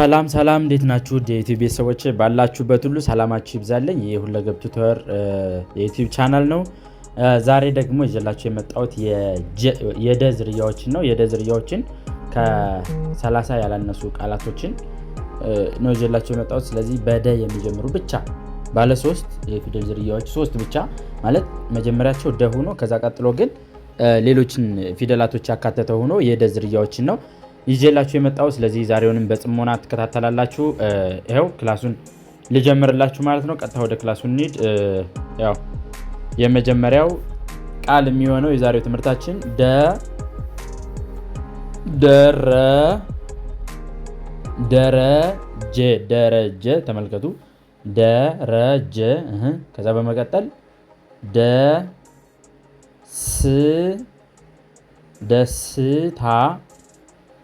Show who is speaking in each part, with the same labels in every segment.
Speaker 1: ሰላም ሰላም፣ እንዴት ናችሁ የዩቲዩብ ቤተሰቦች? ባላችሁበት ሁሉ ሰላማችሁ ይብዛለኝ። ይህ ሁለገብ ቱቶር የዩቲዩብ ቻናል ነው። ዛሬ ደግሞ ይዤላችሁ የመጣሁት የደ ዝርያዎችን ነው። የደ ዝርያዎችን ከ30 ያላነሱ ቃላቶችን ነው ይዤላችሁ የመጣሁት። ስለዚህ በደ የሚጀምሩ ብቻ ባለ ሶስት የፊደል ዝርያዎች ሶስት ብቻ ማለት መጀመሪያቸው ደ ሆኖ ከዛ ቀጥሎ ግን ሌሎችን ፊደላቶች ያካተተ ሆኖ የደ ዝርያዎችን ነው ይዤላችሁ የመጣው። ስለዚህ ዛሬውንም በጽሞና ትከታተላላችሁ። ይኸው ክላሱን ልጀምርላችሁ ማለት ነው። ቀጥታ ወደ ክላሱ እንሂድ። ያው የመጀመሪያው ቃል የሚሆነው የዛሬው ትምህርታችን ደ ደረ ደረጀ ደረጀ ተመልከቱ። ደረጀ ከዛ በመቀጠል ደስታ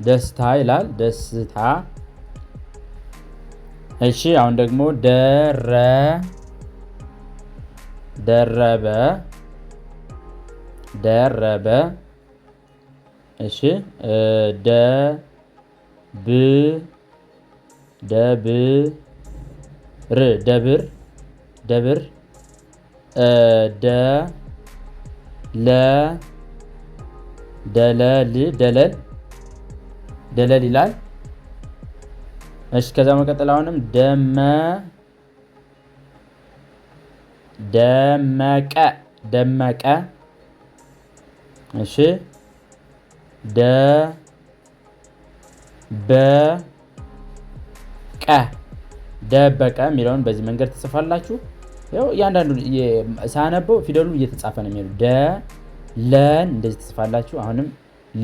Speaker 1: ደስታ ይላል ደስታ። እሺ አሁን ደግሞ ደረ ደረበ ደረበ። እሺ ደ ብ ር ደብር ደብር ደ ለ ደለል ደለል ደለል ይላል። እሺ ከዛ መቀጠል አሁንም ደመ ደመቀ ደመቀ። እሺ ደ በ ቀ ደበቀ የሚለውን በዚህ መንገድ ትጽፋላችሁ። ያው እያንዳንዱ ሳነበው ፊደሉ እየተጻፈ ነው የሚሄዱ። ደ ለን እንደዚህ ትጽፋላችሁ። አሁንም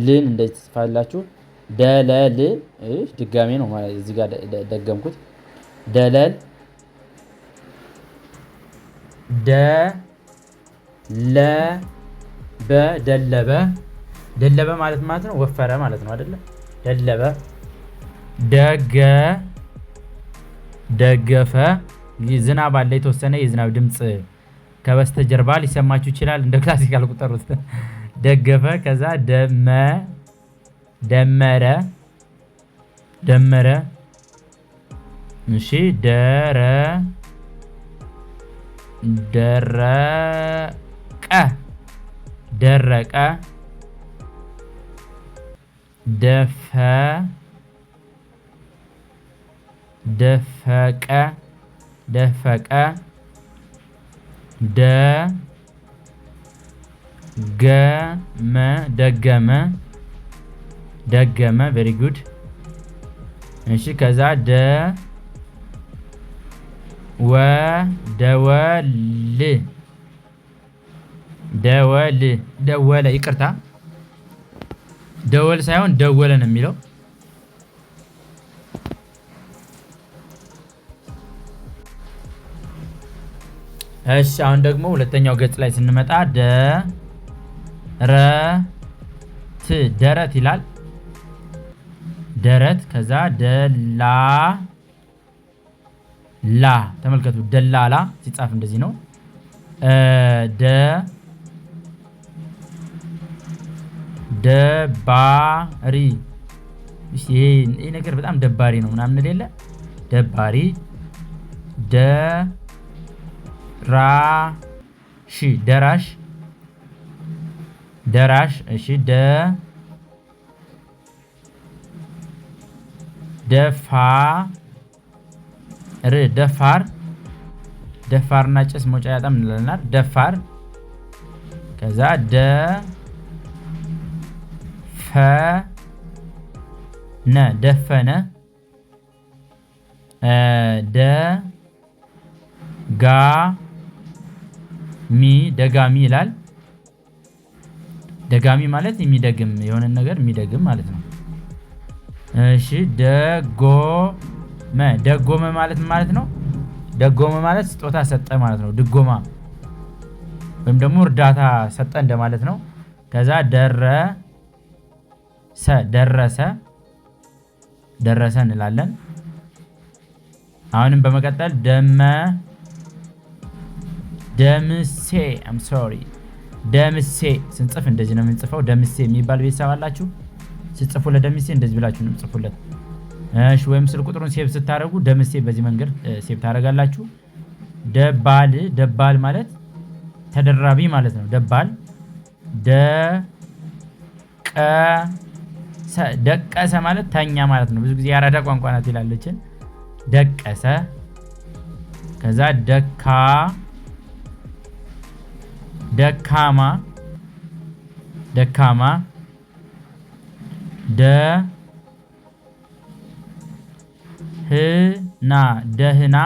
Speaker 1: ልን እንደዚህ ትጽፋላችሁ። ደለል ድጋሚ ነው እዚህ ጋር ደገምኩት። ደለል ደለበ ደለበ ደለበ ማለት ማለት ነው ወፈረ ማለት ነው አይደለ? ደለበ ደገ ደገፈ ዝናብ አለ። የተወሰነ የዝናብ ድምፅ ከበስተጀርባ ሊሰማችሁ ይችላል። እንደ ክላሲካል ቁጠሩት። ደገፈ ከዛ ደመ ደመረ ደመረ እሺ ደረ ደረቀ ደረቀ ደፈ ደፈቀ ደፈቀ ደገመ ደገመ ደገመ ቬሪ ጉድ። እሺ ከዛ ደ ወ ደወል ደወል ደወለ ይቅርታ፣ ደወል ሳይሆን ደወለ ነው የሚለው። እሺ አሁን ደግሞ ሁለተኛው ገጽ ላይ ስንመጣ ደረት ደረት ይላል። ደረት ከዛ ደላላ ተመልከቱ። ደላላ ሲጻፍ እንደዚህ ነው። ደባሪ ይሄ ነገር በጣም ደባሪ ነው ምናምን የሌለ ደባሪ ደራሽ ደራሽ ደራሽ እሺ ደ ደፋር ደፋር ደፋርና ጭስ መውጫ ያጣም እንለናል። ደፋር ከዛ ደ ፈ ነ ደፈነ ደ ጋ ሚ ደጋሚ ይላል። ደጋሚ ማለት የሚደግም የሆነን ነገር የሚደግም ማለት ነው። እሺ ደጎመ ደጎመ ማለት ማለት ነው። ደጎመ ማለት ስጦታ ሰጠ ማለት ነው። ድጎማ ወይም ደግሞ እርዳታ ሰጠ እንደማለት ነው። ከዛ ደረሰ ደረሰ ደረሰ እንላለን። አሁንም በመቀጠል ደመ ደምሴ አም ሶሪ ደምሴ ስንጽፍ እንደዚህ ነው የምንጽፈው። ደምሴ የሚባል ቤተሰብ አላችሁ። ስትጽፉለት ደምሴ እንደዚህ ብላችሁ ነው ጽፉለት። እሺ ወይም ስልክ ቁጥሩን ሴቭ ስታደርጉ ደምሴ በዚህ መንገድ ሴቭ ታደርጋላችሁ። ደባል ደባል ማለት ተደራቢ ማለት ነው። ደባል ደቀሰ ማለት ተኛ ማለት ነው። ብዙ ጊዜ የአራዳ ቋንቋ ናት ይላለችን። ደቀሰ ከዛ ደካ ደካማ ደካማ ደ ህና ደህና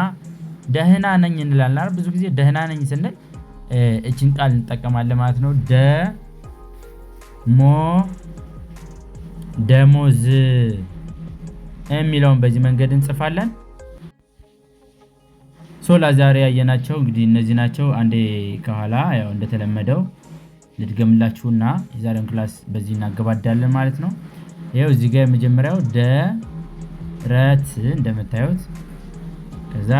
Speaker 1: ደህና ነኝ እንላለን። ብዙ ጊዜ ደህና ነኝ ስንል እችን ቃል እንጠቀማለን ማለት ነው። ደ ሞ ደሞዝ የሚለውን በዚህ መንገድ እንጽፋለን። ሶ ላዛሬ ያየናቸው እንግዲህ እነዚህ ናቸው። አንዴ ከኋላ ያው እንደተለመደው ልድገምላችሁና የዛሬውን ክላስ በዚህ እናገባዳለን ማለት ነው። ይኸው እዚህ ጋር የመጀመሪያው ደረት እንደምታዩት፣ ከዛ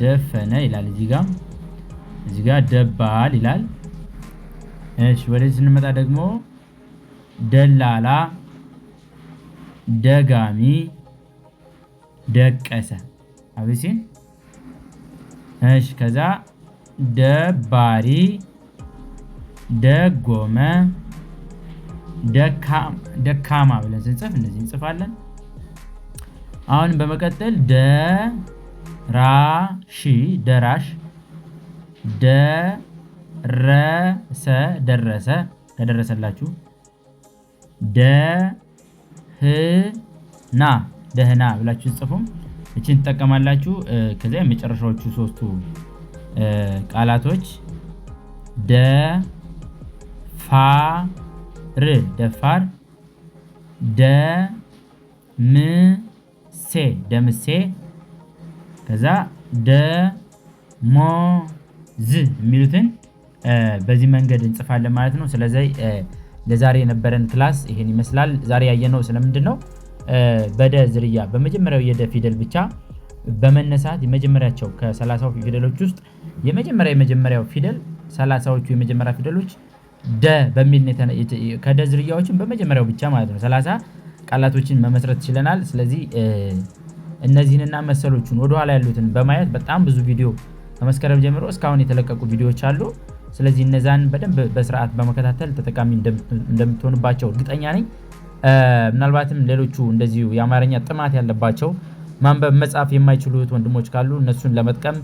Speaker 1: ደፈነ ይላል። እዚህ ጋር እዚህ ጋር ደባል ይላል። እሺ ወደዚህ ስንመጣ ደግሞ ደላላ፣ ደጋሚ፣ ደቀሰ አብሲን። እሺ ከዛ ደባሪ፣ ደጎመ ደካማ ብለን ስንጽፍ እነዚህ እንጽፋለን። አሁን በመቀጠል ደራሺ ደራሽ፣ ደረሰ ደረሰ ከደረሰላችሁ፣ ደህና ደህና ብላችሁ ጽፉም እችን ትጠቀማላችሁ። ከዚያ የመጨረሻዎቹ ሶስቱ ቃላቶች ደፋ ር ደፋር ደ ም ሴ ደምሴ ከዛ ደ ሞ ዝ የሚሉትን በዚህ መንገድ እንጽፋለን ማለት ነው። ስለዚህ ለዛሬ የነበረን ክላስ ይሄን ይመስላል። ዛሬ ያየነው ስለምንድን ነው? በደ ዝርያ በመጀመሪያው የደ ፊደል ብቻ በመነሳት የመጀመሪያቸው ከሰላሳው ፊደሎች ውስጥ የመጀመሪያ የመጀመሪያው ፊደል ሰላሳዎቹ የመጀመሪያ ፊደሎች ደ በሚል ከደ ዝርያዎችን በመጀመሪያው ብቻ ማለት ነው ሰላሳ ቃላቶችን መመስረት ችለናል። ስለዚህ እነዚህንና መሰሎቹን ወደኋላ ያሉትን በማየት በጣም ብዙ ቪዲዮ ከመስከረም ጀምሮ እስካሁን የተለቀቁ ቪዲዮዎች አሉ። ስለዚህ እነዛን በደንብ በስርዓት በመከታተል ተጠቃሚ እንደምትሆንባቸው እርግጠኛ ነኝ። ምናልባትም ሌሎቹ እንደዚሁ የአማርኛ ጥማት ያለባቸው ማንበብ መጻፍ የማይችሉት ወንድሞች ካሉ እነሱን ለመጥቀም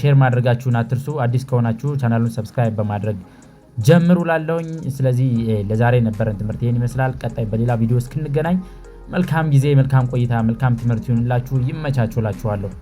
Speaker 1: ሼር ማድረጋችሁን አትርሱ። አዲስ ከሆናችሁ ቻናሉን ሰብስክራይብ በማድረግ ጀምሩ ላለውኝ። ስለዚህ ለዛሬ የነበረን ትምህርት ይህን ይመስላል። ቀጣይ በሌላ ቪዲዮ እስክንገናኝ መልካም ጊዜ፣ መልካም ቆይታ፣ መልካም ትምህርት ይሁንላችሁ። ይመቻችሁላችኋለሁ።